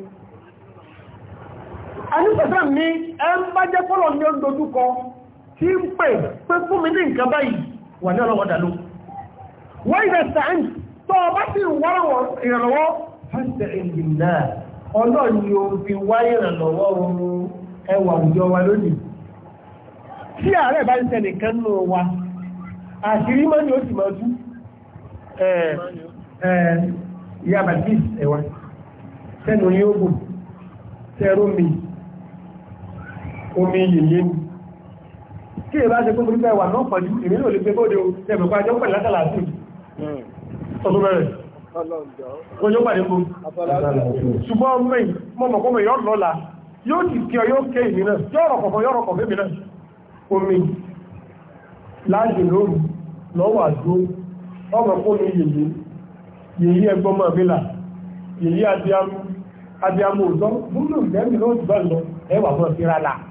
àníṣẹ́sẹ́ mi ẹ ń bá jẹ́ fọ́lọ̀ ní ọdọ́dúkọ tí ń pè pé fún mi ní nǹkan báyìí wà ní ọlọ́wọ́dà ló wọ́n wáyé ìrànlọ́wọ́ wa lónìí tí ààrẹ bá ń wa àṣírí ni ó sì máa tú ìyá bàtí ẹ̀wà sẹ́nu yóò bù tẹ́rù mi omi yìnyẹ kí èbá ṣe kó torípẹ́ wà náà pẹ̀lú èmi náà lè pẹ́ bóde o tẹ́bẹ̀ pa ẹjọ́ pẹ̀lú látàlá sí ọdún mẹ́rẹ̀ ọjọ́ pàdé kó ṣùgbọ́n mẹ́yìn mọ́mọ̀kọ́mọ̀ yọ́ lọ́la yóò ti kí ọ yóò ké ìmì náà yọ́rọ̀ kọ̀kọ̀ yọ́rọ̀ kọ̀kọ̀ mẹ́mì náà omi láàájì lóòrù lọ́wọ́ àjò ọmọ kó ní yèyí yèyí ẹgbọ́n máa bí là yèyí abiamu abiamu òtọ́ múlò lẹ́mì náà jù bá lọ ẹwà fún ọ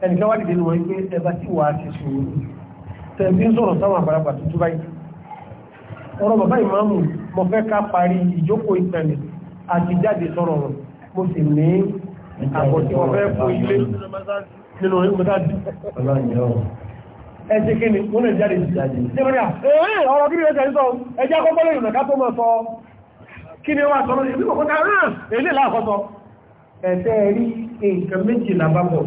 ẹnìkan wá dìde ní wọ́n pé ẹba tí wà á ti sòrò tẹ̀bí ń sọ̀rọ̀ sáwọn àgbàlagbà tó túbá yìí ọ̀rọ̀ bàbá ìmáàmù mo fẹ́ ká parí ìjókòó ìpẹ̀lẹ̀ àti jáde sọ̀rọ̀ wọn mo sì ní àbọ̀ tí wọ́n fẹ́ fún ilé nínú orí mọ́tàdì ẹ̀ṣẹ́ kí ni wọ́n lè jáde jáde ọ̀rọ̀ kí ni ẹ̀ṣẹ́ sọ ẹjẹ́ akọ́kọ́ lè rìnà ká tó mọ̀ sọ kí ni wà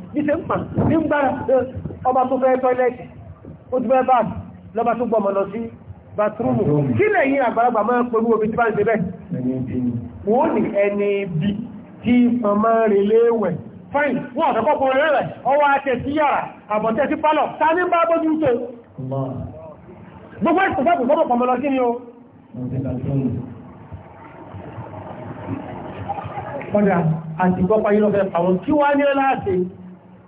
bí ṣe ń pà ní ń gbára ọba tó fẹ́ tọ́ilẹ̀tì ó ti fẹ́ báàbù lọ́ba tó gbọmọ lọ sí bàtúrùmù kí lẹ́yìn àgbàlagbà máa ń pẹ̀lú omi tí bá ń ṣe bẹ́ẹ̀ wọ́n ní ẹni bí tí mọ̀mọ́ rẹ̀ léwẹ̀ fine wọ́n àkọ́kọ́ bọ̀ rẹ̀ rẹ̀ ọwọ́ àṣẹ sí yàrá lọ sí ni o ọ̀dà àti gbọ́pá yìí lọ́fẹ́ àwọn kí wá ní láti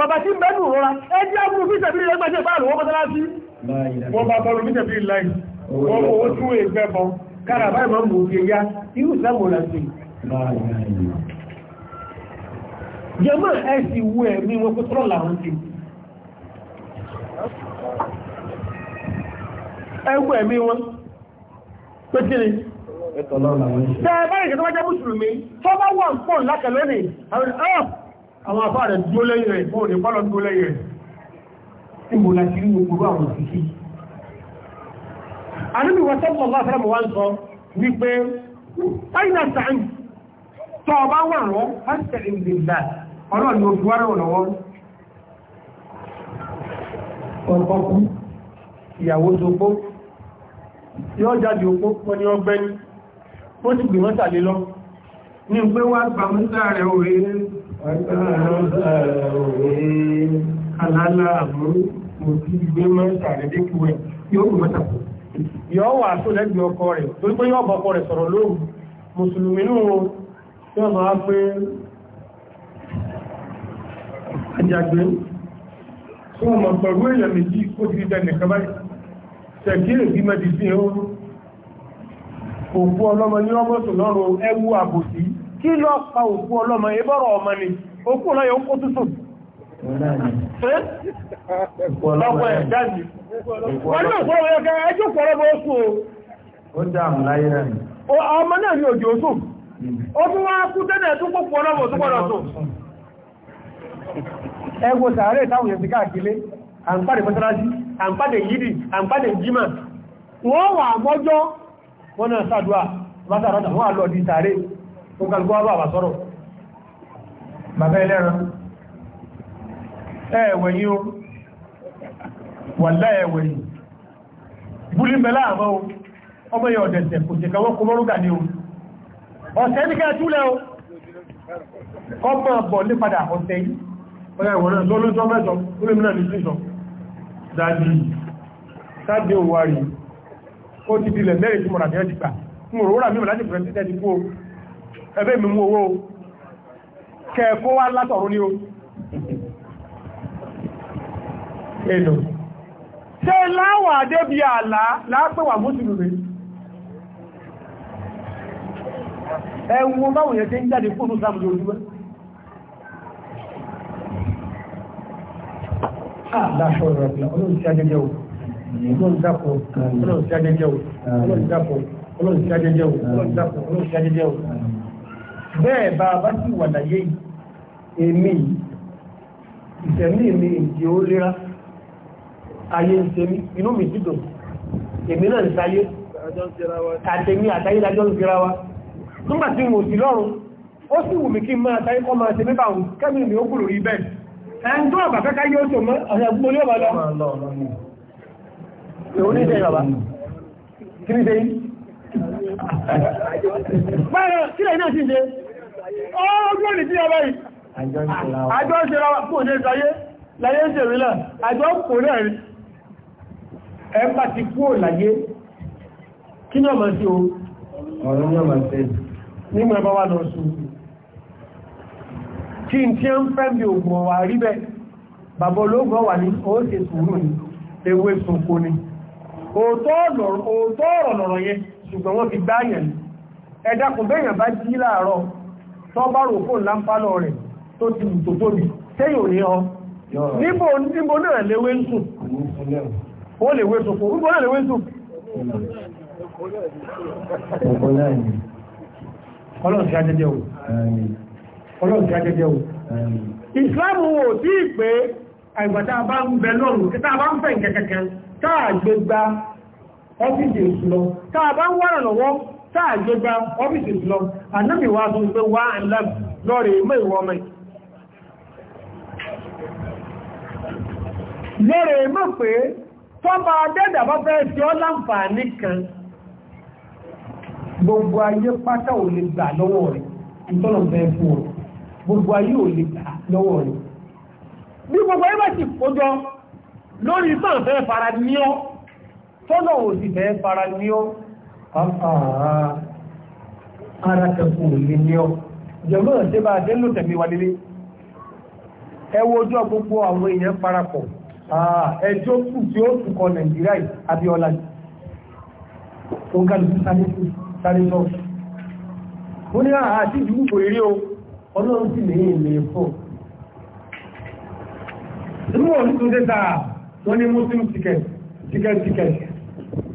bàbá tí mẹ́nu rọra ẹjẹ́ àbúrú fi tẹ̀bí ilẹ̀ gbàṣẹ́ bá àlùwọ́ mọ́sálásí wọ́n bá bọ́rù fi tẹ̀bí ilẹ̀ wọ́n owó tún ẹgbẹ́ bọ́ kára bá ìmọ̀ mú orí ẹyá irú ìsámọ̀ lásì jẹmọ́ ẹ̀sì wú ẹ̀mí wọn kó tọ́rọ̀ làwọn ti ẹwú ẹ̀mí wọn pé kí ni tẹ́ẹ̀bá ìjẹ́ tó bá jẹ́ mùsùlùmí tó bá wà ń pọ̀ lákẹ̀ lónìí àwọn ah, àwọn afá rẹ̀ dúó lẹ́yìn rẹ̀ fún òní pọ́lọ̀ dúó lẹ́yìn rẹ̀ níbo la ti rí gbogbo àwọn òṣìṣẹ́ àníbi wọ́n sọ́pọ̀ bá fẹ́rẹ̀ mọ̀ wá ń sọ wípé táyìnà sàn tọ́ ọba wà rọ́ pásítẹ̀ ìgbìlá ọlọ́run ni ojú wárẹ̀ lọ́wọ́ ọkọ̀ kú ìyàwó sopó yóò jáde òpó pọ́ ní ọgbẹ́ni ó sì gbìmọ́sà lé lọ ní pé wá gbàmúsà rẹ̀ òwe aláàmú mo ti gbé mẹ́ta rẹ̀ dínkù ẹ̀ yóò rú mẹ́ta kù yóò wà tó lẹ́gbẹ̀ẹ́ ọkọ rẹ̀ torí pé yóò bá ọkọ rẹ̀ sọ̀rọ̀ lóòrù mùsùlùmí nù yóò máa pé ajagbé tí wọ́n mọ̀ pẹ̀lú èèyàn méjì ó ti dẹ nìkan báyìí tẹ̀kílì bí mẹ́ta sí ẹ̀hún òkú ọlọ́mọ ní ọmọ sùn lọ́rùn ẹwú àbòsí kí lọ pa òkú ọlọ́mọ ẹbọ́rọ̀ ọmọ ni òkú ọlọ́yẹ ó kó tútù ọ̀pọ̀ o ọmọ náà ní òjò oṣù ó tún wá kú tẹ́lẹ̀ tún kó pọ̀lọ́bọ̀ tó pọ̀lọ́ tó ẹgbò sàárè táwọn yẹn ti káàkiri àǹpàdé àǹpàdé yìí àǹpàdé jímà wọ́n wà mọ́jọ́ wọ́n náà kó kálukú wá bàbá sọ̀rọ̀ bàbá ẹlẹ́ran ẹ̀ẹ̀wẹ̀ yí o wàlá ẹ̀ẹ̀wẹ̀ yí búlí mẹ́lá àmọ́ o ọmọ yẹ ọ̀dẹ̀sẹ̀ kò jẹ́ kẹwọ́ kó mọ́rúgà ní o ọ̀sẹ̀ ní kẹ́ẹ̀ túlẹ̀ o kọ́mọ̀ bọ̀ ní padà ọ̀sẹ̀ yìí ọ̀yà ìwọ̀n náà lọ́lọ́jọ́ mẹ́jọ olómìnà ní sísọ dájú sáàdé òwárí ó ti dilẹ̀ mẹ́rin tí mọ̀ràn mẹ́rin ti gbà mo rò wúrà mímọ̀ láti pẹ̀lú ẹbẹ́ mi mú owó kẹ́ẹ̀kọ́ wá látọ̀run ní o èlò ṣe láwà débi àlá lápẹ́wà mùsùlùmí ẹwọ báwọn yẹn tẹ́ ń jáde fóònù sáàmù lójúwẹ́ ah, láṣọ́ ìrọ̀pìlá ọlọ́run sí ajẹ́jẹ́ o ọlọ́run dápọ̀ ọlọ́run sí ajẹ́jẹ́ o ọlọ́run dápọ̀ ọlọ́run o ọlọ́run bẹ́ẹ̀ bá a bá sì wà láyé èmi ìṣẹ̀mí mi ìdí ó ayé ìṣẹ̀mí inú mi dídùn èmi náà ń sáyé àtẹ̀mí àtàyé lájọ́ ń fira wa nígbà tí mo lọ́rùn ó sì wù mí kí máa táyé kọ́ máa kẹ́mì mi ó bẹ́ẹ̀ yóò tó mọ́ Báyọ̀ sílẹ̀ náà sí ṣe, ọgbọ́n ní tí ọba yìí. Àjọ ń ṣe ra kò ní ṣayé, láyé ń ṣe rí náà, àjọ ń kò náà rí. Ẹ bá ti kú ò láyé, kí ní ọmọ sí o? Ọ̀rọ̀ ní ọmọ sí. Nígbà bá wà lọ sùn. Kí n tí ń fẹ́ bí ògùn ọ̀wà rí bẹ́, bàbá ológun ọ̀wà ní ṣùgbọ́n wọ́n fi gbáyàn ẹ̀dàkùn bẹ́yàn bá jí láàárọ̀ tó bá rò fún lámpálọ̀ rẹ̀ tó ti mù tó tóbi tẹ́yìn òní ọ níbo níbo náà léwé ń sùn ó léwé sòkò níbo náà léwé ń sùn Ọlọ́run ti ajẹ́jẹ́ o. Ọlọ́run ti ajẹ́jẹ́ o. Ìsìláàmù wò tí ìpé àìgbàtà bá ń bẹ lọ́rùn, títà bá ń fẹ́ ìkẹ́kẹ́kẹ́, táà gbégbá ọ́fíìsì èṣù lọ táà bá ń wárà lọ́wọ́ táà gbégbá ọ́fíìsì èṣù lọ ànábì wá tó gbé wá ńlá lọ́rẹ̀ mọ́ ìwọ ọmọ lọ́rẹ̀ mọ́ pé tọ́ba dẹ́dà bá fẹ́ tí ó láǹfààní kan gbogbo ayé pátá ò lè gbà lọ́wọ́ rẹ̀ ìtọ́nà fẹ́ fún ọ fara tọ́nà ò sì fẹ́ fara ní ọ́ ara kẹkù lè ní ọ́ jẹ̀mọ́ ṣe bá dẹ́lò tẹ̀mí wa nílé ẹwọ ojú ọgbogbo àwọn èèyàn parapọ̀ ẹjọ́ kù tí ó tukọ̀ nàìjíríà abíọ́lá tó ga lùsù sáré lọ mo ní àti ìdúgbò eré o ọlọ́run sì lè lè fọ́ ìmú òní tó dé sáà wọ́n ní muslim ticket ticket ticket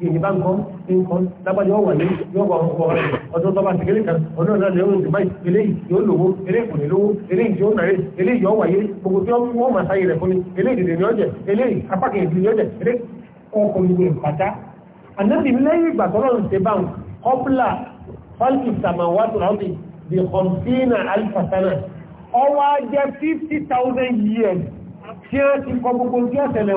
ìyìn bá ń kọ́ ń kọ́ lágbàjọ́ wà ní yóò wà ọkọ̀ rẹ̀ ọdún tó bá ti kéré kan ọdún náà lè rìn dubai eléyìí yóò lówó eléyìí kò ní lówó eléyìí yóò nàrè eléyìí yóò wáyé gbogbo tí wọ́n máa sáyé rẹ̀ fún mi eléyìí dèdè ní ọjẹ́ eléyìí apákan ìdí ní ọjẹ́ eléyìí ọkọ̀ ìwé pàtá ànábì lẹ́yìn ìgbà tọ́lọ́ ń ṣe báwọn kọ́pùlà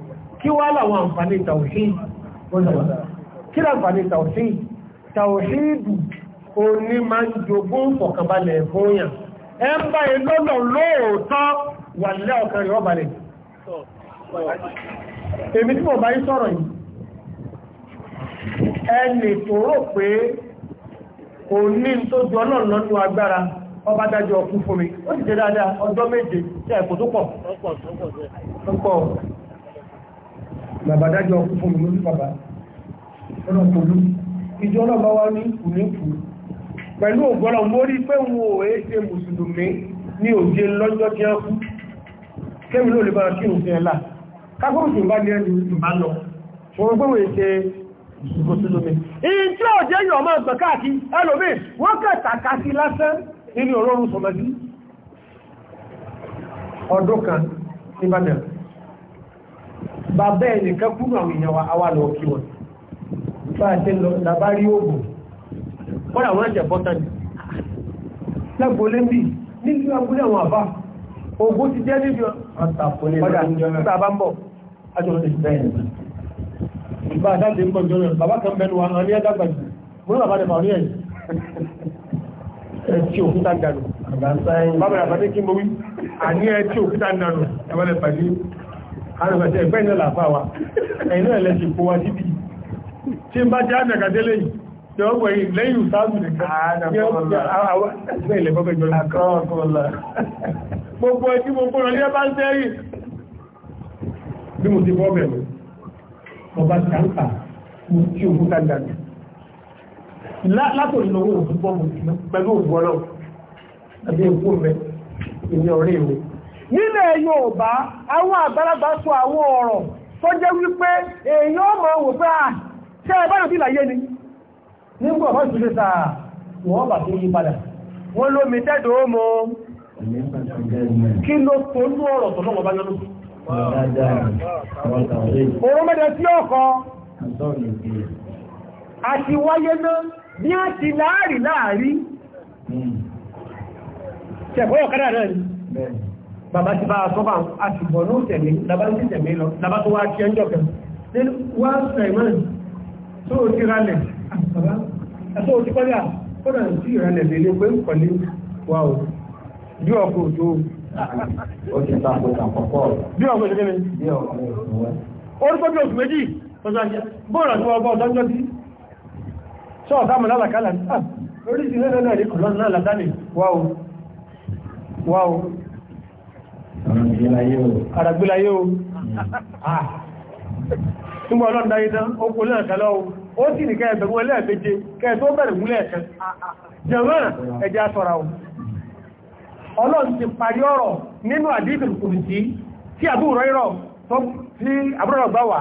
kí wá láwọn àǹfààní tàwíṣíd kí láǹfààní tàwíṣíd o ní ma ń jogún fọ̀kànbalẹ̀ fóyàn ẹ ń bá ẹ lọ́nà lóòótọ́ wà lẹ́ ọ̀kan rẹ̀ èmi tí mo bá yìí ẹni tó rò pé tó agbára ọba dájọ́ ọkùn fún mi ó bàbá dájọ́ ọkú fún mi lórí bàbá ọ̀nà pẹ̀lú ìjọ ọlọ́ba wá ní kùnìkù pẹ̀lú ògbọ́nà mórí pé wọn ò é ṣe mùsùlùmí ní òjé lọ́jọ́ tí a kú kéwì ló lè bá kí òun fẹ́ là kágbóòsù bá ní ẹni ìbá lọ ṣòro pé wọ́n ṣe mùsùlùmí ìyí tí ó jẹ́ yọ̀ máa gbọ̀ káàkiri ẹlòmí wọ́n kẹta kásí lásán nínú ọlọ́run sọmọdí ọdún kan níbàdàn bàbá ẹ̀ nìkan kúrò àwọn èèyàn wa awà lọ kí wọn bá a ṣe lọ làbá rí oògùn wọ́n àwọn ẹ̀jẹ̀ bọ́tà ní lẹ́gbọ́n lẹ́bí nílùú agbóni àwọn àbá ogun ti jẹ́ níbi ọ̀tà bá ń bọ̀ ajọ́ ìgbà àdáde ń bọ̀ jọ́rọ̀ bàbá kan bẹnu wa ní ẹ̀dàgbà jù mú bàbá rẹ̀ fàrí ẹ̀yìn ẹ̀tí òkúta gànù bàbá rẹ̀ fàrí kí mo wí àní ẹ̀tí òkúta gànù ẹ̀wọ́n rẹ̀ fàrí àrẹ̀fẹ̀sẹ̀ ẹgbẹ́ iná làfà wa ẹ̀yìn náà lẹ́sì kó wa síbi tí n bá jẹ́ àjàkadé lẹ́yìn tí ó wẹ̀yìn lẹ́yìn ìsáàbù nìkan látòrí lọ́wọ́ òfin bọ́ọ̀mù pẹ̀lú òfin ọlọ́pù àbí ẹ̀kú mẹ́ ìní ọ̀rẹ́ ìwé nílẹ̀ Yorùbá àwọn àgbàlagbà sọ àwọn ọ̀rọ̀ tó jẹ́ wípé èèyàn ọmọ wò pé à ah, ṣe ẹ báyọ̀ bí ni nígbà àti wáyé náà bí a ti láàrí láàrí ṣẹ̀kọ́ ọ̀kadà náà ni bàbá ti bá a sọ́bà àti bọ̀nú tẹ̀mí labá ń tẹ̀mí lọ labá tó wá kí ẹjọ́ kan nínú wá sẹ̀mọ́n tó o ti ralẹ̀ ah, àbá ẹ̀tọ́ o ti kọ́lé à kọ́nà sí ìrẹ̀lẹ̀ lè lé pé ń kọ́lé wa o bí ọkọ̀ òjò o ti ta kò tà kọ́kọ́ bí ọkọ̀ òjò kíni bí ọkọ̀ òjò wẹ́ orúkọ bí oṣù méjì bọ́ọ̀rọ̀ tí wọ́n bọ́ ọ̀dọ́jọ́ sí sọ́ọ̀ táàmù lálàkálà orí ti lẹ́lẹ́lẹ́ àràgbélayé o túnbọ̀ ah. ọlọ́run dáyé tán ó kò lẹ́ẹ̀kẹ́ lọ́wọ́ ó sì ní kẹ́ẹ̀ bẹ̀rún ẹlẹ́ẹ̀méje kẹ́ẹ̀ tó bẹ̀rẹ̀ múlẹ̀ ẹ̀kẹ́ jẹ̀mọ́ ẹjá sọ́ra o ọlọ́run ti parí ọ̀rọ̀ nínú àdíkùn kùrùsí tí àbúrò ìrọ̀ tó tí àbúrò gbá wà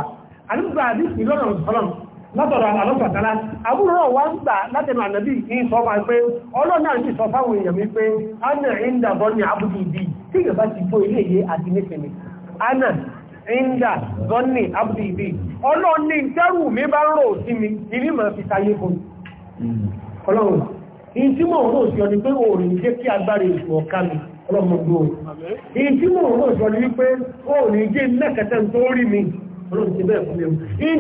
àdíkùn àdíkùn lọ́nà ọlọ́run látọ̀rọ̀ alọ́pàtàlá àbúrò wá ń gbà látẹnu ànàbí ní sọ pé ọlọ́run náà sì mi pé a nà ń dàbọ̀ ní àbúrò bíi tí yóò bá ti tó ilé yé àti nífẹ̀mí ana inda zonni abdi ibi ọlọ́run ní ìtẹ́rù mi bá rò sí mi ìrí mọ̀ fi sáyé fún ọlọ́run ìyí tí mò ń rò sí ọ ni pé òòrùn ní jẹ́ kí agbára èso ọ̀ká mi ọlọ́run gbó ìyí tí mò ń rò sí ọ ni wípé òòrùn ní jẹ́ mẹ́kẹ̀tẹ́ tó rí mi ọlọ́run ti bẹ́ẹ̀ fún mi ìyí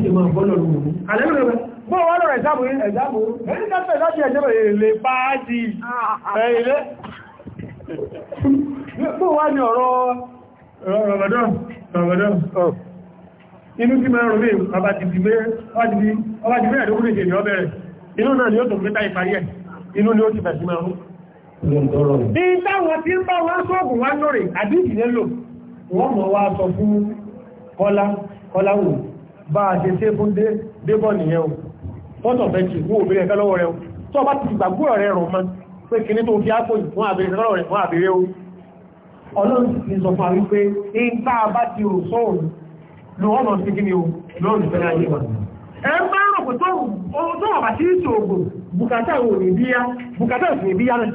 tí mò bó wá lọ́rọ̀ ẹ̀sàmù ẹ̀sàmù ẹ̀rí kápẹ̀ láti ẹ̀jẹ́bẹ̀ èlè pàájì ah. ẹ̀ilé bó wá ní ọ̀rọ̀ Ramadan Ramadan oh. inú kí mẹ́rin rọ̀mí ọba ti bí mẹ́rin lókùnrin ìṣẹ̀lẹ̀ ọbẹ̀rẹ̀ inú náà ni ó tó mẹ́ta ìparí ẹ̀ inú ni ó ti bẹ̀sí mẹ́rin ní táwọn tí ń bá wọ́n sọ́ọ̀gùn wá lórí àdíjì nílò wọ́n mọ̀ wá sọ fún kọ́lá kọ́láwò bá a ṣe ṣe fún débọ̀ nìyẹn bọ́tọ̀ fẹ́ ti wó obìnrin ẹ̀kẹ́ lọ́wọ́ rẹ̀ tó bá ti gbàgbọ́ rẹ̀ rọ̀ mọ́ pé kìíní tó fi ápò fún àbẹ̀rẹ̀ o ọlọ́run ti sọ fún wípé in tá a bá ti rò sóòrùn ló wọ́n mọ̀ sí kí ni o lọ́rùn fẹ́ láyé wọn ẹ bá rò pé tó wọ́n bá ti rí ògbò bùkátà ò ní bíyá bùkátà ò sì ní bíyá náà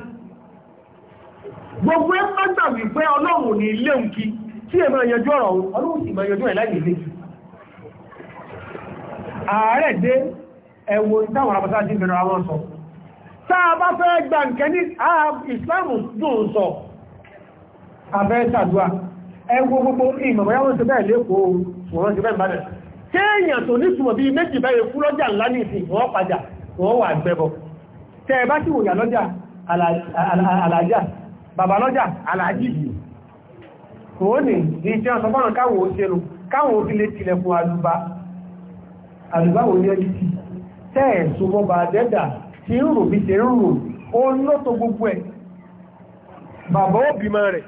gbogbo ẹ má gbà wípé ọlọ́run ní ilé òǹkí tí ẹ máa yanjú ọ̀rọ̀ ọlọ́run sì máa yanjú ẹ̀ láì nílé ààrẹ dé ẹwọ ìtàwọn àbáta jí bẹ̀rẹ̀ àwọn sọ táà bá fẹ́ gbà nkẹ́ ní ìsìláàmù dùn sọ abẹ́ sàdúà ẹwọ gbogbo ìmọ̀báyáwọ́n ti bẹ́ẹ̀ lẹ́kọ̀ọ́ wọ́n ti bẹ́ẹ̀ bẹ́ẹ̀ kéèyàn tó ní túnmọ̀ bí méjì bẹ́ẹ̀ kú lọ́jà ńlá ní ìsìn wọ́n padà wọ́n wà gbẹ́bọ tẹ́ ẹ bá sì wòyà lọ́jà alájà bàbá lọ́jà alájì yìí kò ní ní tí wọ́n sọ fọ́nà káwọn òṣèlú káwọn òfin lè tilẹ̀kùn àlùbá àlùbá òní ọjọ́ tẹ́ẹ̀sù bọba àdẹ́dà tí ń rò bí ṣe ń rò ó ló tó gbogbo ẹ̀ bàbá ó bímọ rẹ̀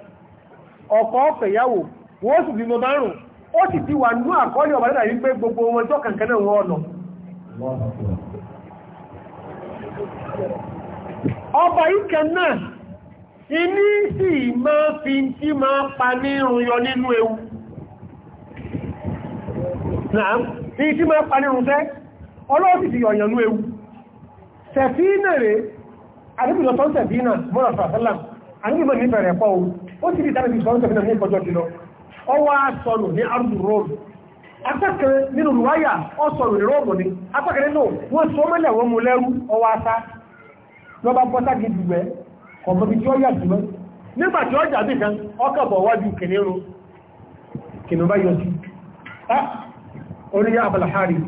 ọkọ ọ̀fẹ̀yàwó wọ́n sì bímọ ó sì ti wà ní àkọọ́lẹ̀ ọba wípé gbogbo wọn tó kàǹkan náà máa pa ní tẹ́ ọlọ́wọ́ sì fi ọ̀yànlú ewu sẹ̀fínà rẹ̀ àdébìlọ tó ń sẹ̀fínà mọ́nà fàṣálàm àdébìlọ ní fẹ̀rẹ̀ pọ̀ ó sì fi dábìlì sọ́rọ̀ sẹ̀fínà ní ìkọjọ́ ti lọ ọwọ́ sọ̀rọ̀ ní arúgbù rọ́ọ̀dù apákan nínú ni apákan nínú wọ́n sọ mọ́lẹ̀ wọn mú lẹ́rú ọwọ́ asá lọ́ba bọ́sá di dùgbẹ́ ọ̀bọ̀n bí tí ó yà jùlọ nígbà tí ó jà bí kan ọkọ̀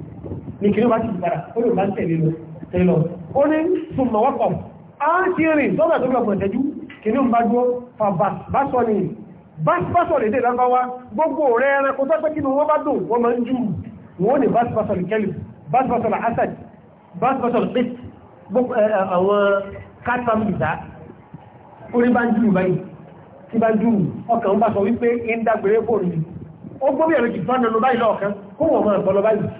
ní kí ló bá ti ó lè bá ń tẹ̀lé lọ tẹ̀lé lọ ó ní súnmọ̀ wọ́pọ̀ á ti rìn sọ́nà tó gbọ̀gbọ̀ ìtẹ́jú kì ní bá dúró fa básọ́ni básọ́ni dé lábáwá gbogbo rẹ̀ ẹranko tó pẹ́ kí ni wọ́n bá dùn wọ́n máa ń jù wọ́n ní básọ́ni kẹ́lì asad pit àwọn bá ń jù báyìí tí bá ń jù ọkàn bá sọ wípé ń dágbére ó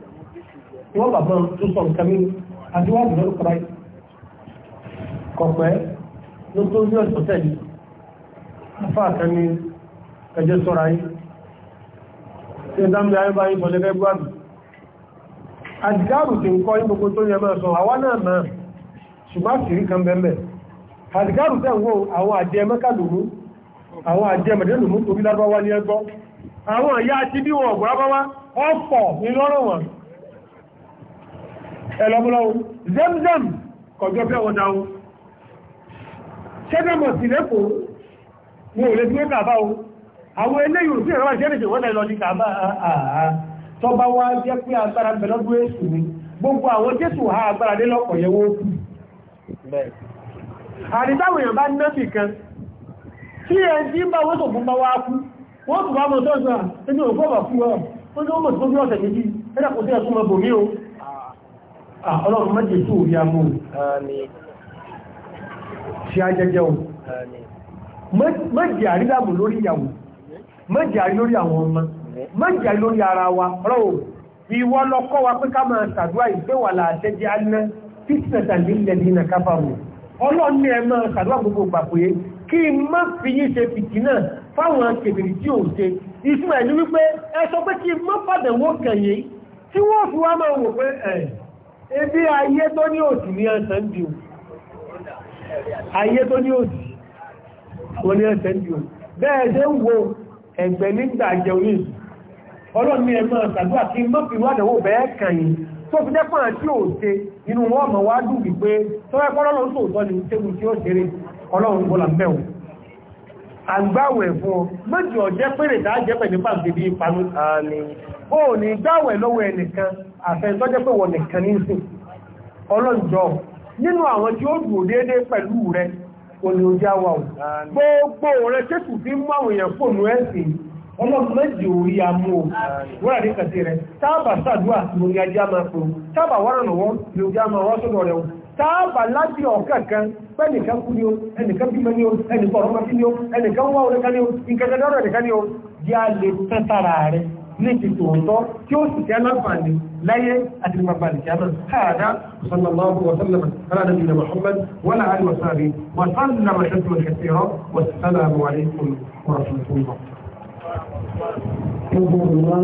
ni wọ́n bàbá tó sọ nǹkan mi yìí kọ̀pẹ́ ló tó ní tẹ̀lé afá yìí ayé sọ lẹ́gbẹ́ gbáàbì àdìgáàrù ti ń kọ́ tó yẹ àwa kan bẹ́ẹ̀ àdìgáàrù tẹ́ wo àwọn àjẹ́ mẹ́kà àwọn àjẹ́ mẹ́dẹ́ torí lábáwá ní ẹgbọ́ àwọn àti bí wọn lábáwá ọ̀pọ̀ ẹlọ́mọ́lọ́wọ́ zemzem kọjọ fẹ́ wọn dáwọ́ ṣẹ́gbẹ̀mọ̀ sí lẹ́kọ̀ọ́ wọn ò lè tí ó kàbá o àwọn eléyìí òsì ìrọ̀wà ṣẹ́rẹ̀ ṣe wọ́n lọ ní kàbá àà tọba wá jẹ́ pé agbára bẹ̀lọ́dún èṣù ni gbogbo àwọn jésù ha agbára dé lọ́pọ̀ yẹ wó kú àrídáwò èèyàn bá ná bì kan tí ẹ ti ń bá wọ́n tó fún bá wá kú wọ́n tó bá mọ̀ tó ń sọ Ah, ọlọ́run mẹ́jẹ tó rí amú ṣe ajẹjẹ o mẹ́jẹ àrídàmù lórí ìyàwó mẹ́jẹ àrí lórí àwọn ọmọ mẹ́jẹ àrí lórí ara wa ọlọ́run ìwọ lọ́kọ́ wa pé ká máa ṣàdúrà ìgbéwà làtẹ́jẹ́ aná fífẹ́ta lílẹ̀ nínú káfàrù ọlọ́run ní ẹ máa ṣàdúrà gbogbo gbà pé kí n má fi yín ṣe fìtì náà fáwọn kèbìrì tí ò ní wípé ẹ sọ pé Ebí ayé tó ní òsì ní ẹsẹ̀ ń di Ayé tó ní òsì, wọ́n ní ẹsẹ̀ ń di Bẹ́ẹ̀ ṣe ń wo ẹ̀gbẹ̀ nígbà jẹ orí. Ọlọ́run ní ẹmọ́ ṣàdúrà kí mọ́ fi wádẹ̀wò bẹ́ẹ̀ kàn yìí. Tó fi jẹ́ pọ̀nà tí ò ṣe inú wọn mọ̀ wá dùn wípé tó ẹ̀kọ́ lọ́lọ́run tó tọ́ ni tébù tí ó ṣeré ọlọ́run bọ́lá mẹ́wọ̀n àgbáwẹ̀ fún ọ méjì ọ̀jẹ́ pèrè dáa jẹ́ pẹ̀lú pàǹtì bí ìpanú ààni ó ní gbáwẹ̀ lọ́wọ́ ẹnìkan àfẹ́ntọ́jẹ́ pé wọ́n nìkan ní sí ọlọ́njọ́ nínú àwọn tí ó dùn déédé pẹ̀lú rẹ olè ojú àwà ò gbogbo rẹ tẹ́kù fi mú àwọn èèyàn fóònù ẹ̀sìn ọlọ́run méjì orí amú o wọ́n àdíkàtí rẹ táàbà sàdúà lórí ajá máa pè ó táàbà wọ́n rẹ̀ lọ́wọ́ lórí ajá máa wọ́n sọ́dọ̀ rẹ̀ o táàbà láti ọ̀kẹ́kẹ́ pẹ́nìkan kú ni ó ẹnìkan bí mẹ́ni ó ẹnìkan ọ̀rọ̀ mẹ́fí ni ó ẹnìkan wá orí kan ni ó ìkẹ́kẹ́dọ́rọ̀ ẹnìkan ni ó yá lè tẹ́tàrà rẹ̀ ní ti tòótọ́ tí ó sì tẹ́ láǹfààní láyé àti mọ̀bàlì kíámà káàdá sallallahu wa sallam